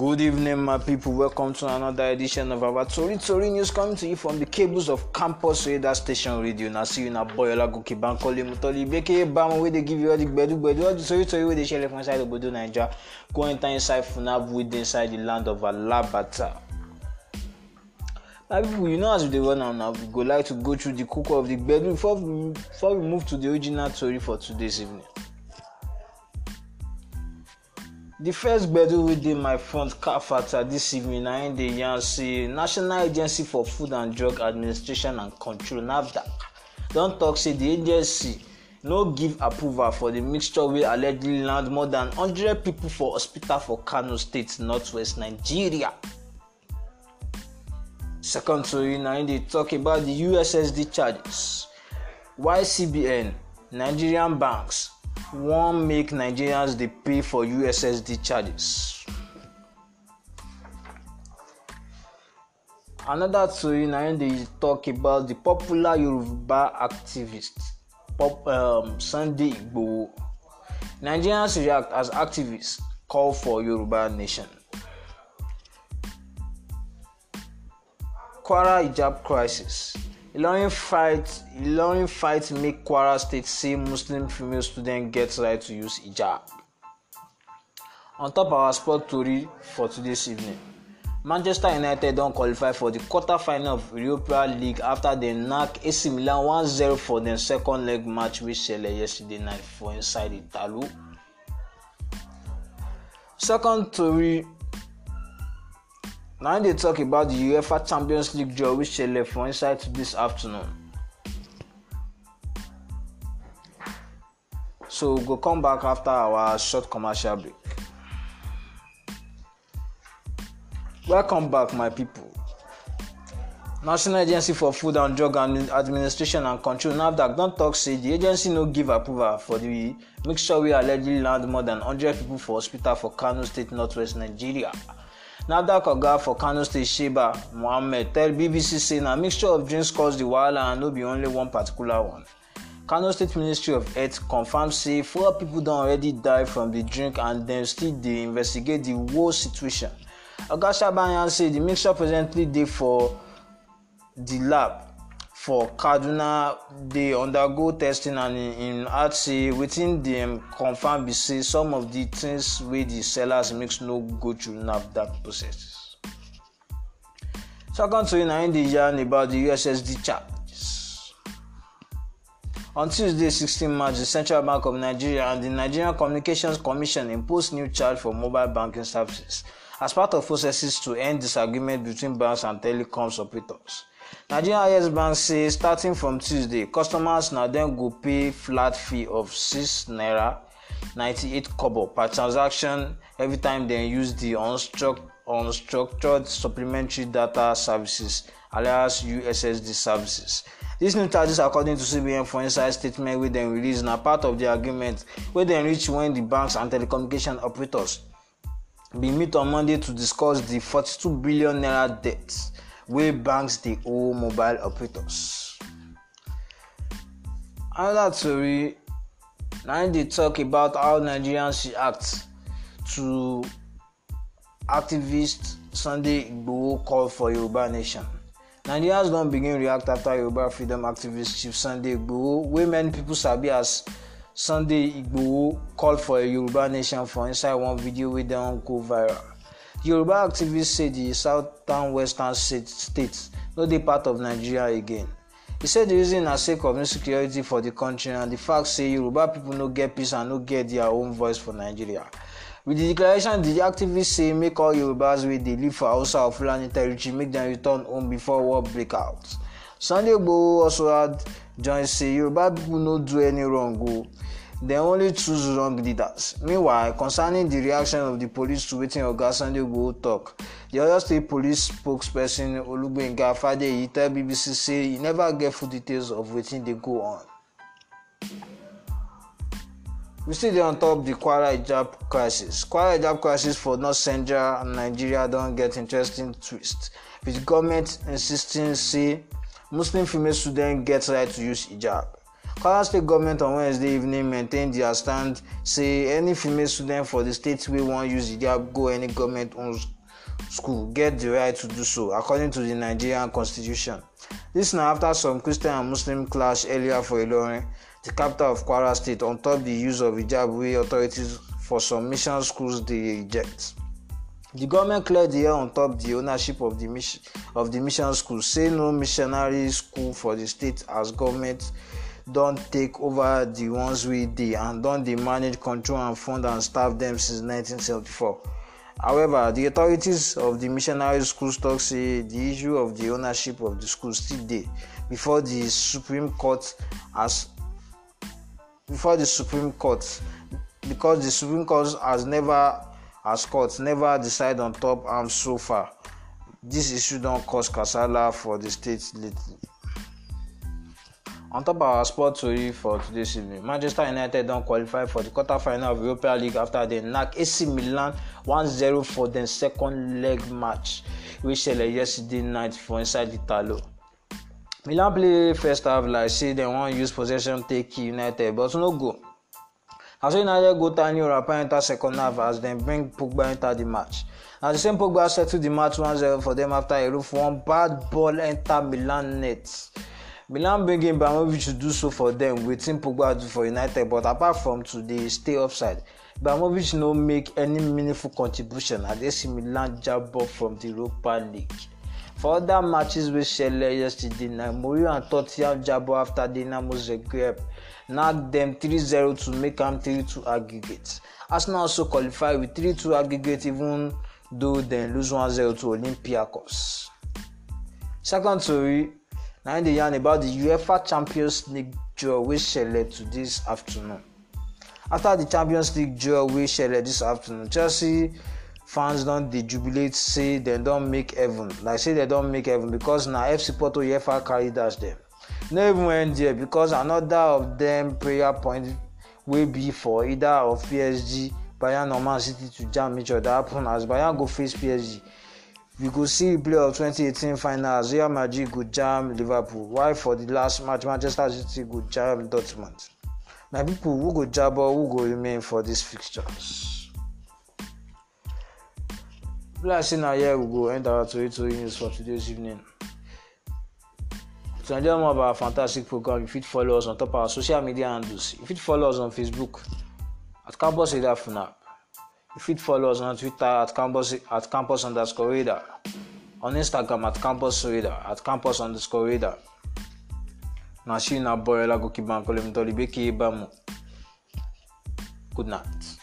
Good evening, my people. Welcome to another edition of our Tori Tori News coming to you from the cables of Campus Radar Station Radio. Now, see you in a boy. Ola Goki Bankole Mutoli Beke Bam, where they give you all the bedu bedu, all the Tori Tori, where they share from inside Obodo Nigeria. Going enter inside Funab with inside the land of Alabata. My people, you know, as we dey run am now, we go like to go through the cocoa of the bedu before, before we move to the original Tori for today's evening. The first gbedu wey dey my front car factor dis evening na im dey yarn say national agency for food and drug administration and control nafdac don tok say di agency no give approval for di mixture wey allegedly land more than hundred pipo for hospital for kano state northwest nigeria second tori na im dey tok about di ussd charges ycbn nigerian banks wan make nigerians dey pay for ussd charges. another tori na im dey talk about the popular yoruba activist Pop, um, sunday igboho nigerians react as activists call for yoruba nation. kwara hijab crisis Ilorin fight Ilorin fight make Kwara State say Muslim female student get right to use hijab. On top of our sport tori for today's evening, Manchester United don qualify for the quarter-final of Europa League after dem knack AC Milan 1-0 for dem second leg match wey ṣẹlẹ̀ yesterday night for inside Italy. Second tori Now they talk about the UEFA Champions League draw which Shele for inside this afternoon. So go come back after our short commercial break. Welcome back, my people. National Agency for Food and Drug Administration and Control NAFDAC don talk say di agency no give approval for di mixture wey allegedly land more than hundred pipo for hospital for Kano State, Northwest Nigeria nafdac oga for kano state sheba mohammed tell bbc say na mixture of drinks cause di wahala and no be only one particular one kano state ministry of health confam say four pipo don already die from di drink and dem still dey investigate di whole situation oga shaban yarn say di mixture presently dey for di lab for kaduna dey undergo testing and im add say wetin dem confam be say some of di tins wey di sellers mix no go through nafdac processes second tori na im dey yarn about di ussd charges on tuesday sixteen march di central bank of nigeria and di nigerian communications commission impose new charge for mobile banking services as part of processes to end disagreement between banks and telecoms operators nigeria yes bank say starting from tuesday customers na dem go pay flat fee of six naira ninety eight kobo per transaction every time dem use di unstruct unstructured supplementary data services alias ussd services dis new charges according to cbn for inside statement wey dem release na part of di agreement wey dem reach wen di banks and telecommunication operators bin meet on monday to discuss di two billion naira debt wey banks dey owe mobile operators. Another tori na im dey talk about how Nigerians react to activist Sunday Igboho call for Yoruba nation. Nigerians don begin react after Yoruba freedom activist Chief Sunday Igboho wey many pipo sabi as Sunday Igboho call for a Yoruba nation for inside one video wey don go viral yoruba activists say di southern western states no dey part of nigeria again He said di reason na sake of insecurity for the country and the fact say yoruba people no get peace and no get their own voice for nigeria with the declaration the activists say make all yorubas wey dey live for hausa or fulani territory make dem return home before war break out sunday igboho also add join say yoruba people no do any wrong o dem only choose wrong leaders meanwhile concerning di reaction of di police to wetin oga sunday igboho tok di oyo state police spokesperson olugbenga fadeyi tell bbc say e neva get full details of wetin dey go on. we still dey on top di kwara ijab crisis kwara ijab crisis for north central nigeria don get interesting twist with goment insisting say muslim female students get right to use hijab kwara state government on wednesday evening maintained their stand say any female student for the state wey wan use hijab go any government-owned school get the right to do so according to the nigerian constitution This na after some christian and muslim clash earlier for ilorin the capital of kwara state on top the use of hijab wey authorities for some mission schools dey reject The government cleared the air on top the ownership of the mission of the mission school say no missionary school for the state as government don take over the ones wey dey and don dey manage control and fund and staff dem since 1974 however di authorities of di missionary schools tok say di issue of di ownership of di school still dey before di supreme court as before di supreme court because di supreme court has never as court never decide on top am so far dis issue don cause kasala for di state lately On top of our sport story for today's evening, Manchester United don qualify for the quarter-final of Europa League after dem knack AC Milan 1-0 for dem second leg match wey ṣẹlẹ̀ yesterday night for inside Italo. Milan play first half like say dem wan use possession take kill United but no go. Na so United go Tani Rapper enter second half as dem bring Pogba enter the match. Na the same Pogba settle the match 1-0 for dem after a roof one bad ball enter Milan net. Milan bring in Ibrahimovic to do so for them, waiting Pogba do for United, but apart from today, stay offside. Ibrahimovic no make any meaningful contribution as AC Milan jab up from the Europa League. For other matches wey ṣẹlẹ̀ yesterday na Mourinho and Tottenham jab up after Dinamo Zagreb knock dem 3-0 to make am 3-2 aggregate. Arsenal also qualify with 3-2 aggregate even though dem lose 1-0 to Olympiacos. Second tori na im dey yarn about di uefa champions league draw wey ṣẹlẹ̀ to dis afternoon after di champions league draw wey ṣẹlẹ̀ dis afternoon chelsea fans don dey jubilate say dem don make heaven like say dem don make heaven because na fc porto uefa carry dash dem no even end there because another of dem prayer point wey be for either of psg bayern or man city to jam each other happen as bayern go face psg We go see play of 2018 finals real madrid go jam liverpool while for the last match manchester city go jam dortmund na pipo who go jabo who go remain for dis fixtures be like say na here we go end our tori tori news for today's evening to enjoy more of our fantastic program you fit follow us on top our social media handles you fit follow us on facebook at campus radar funab You fit follow us on Twitter at campus at campus underscore Reader, on Instagram at campus Reader at campus underscore Reader. Na she na boy lago kibanko lemtoli bamu. Good night.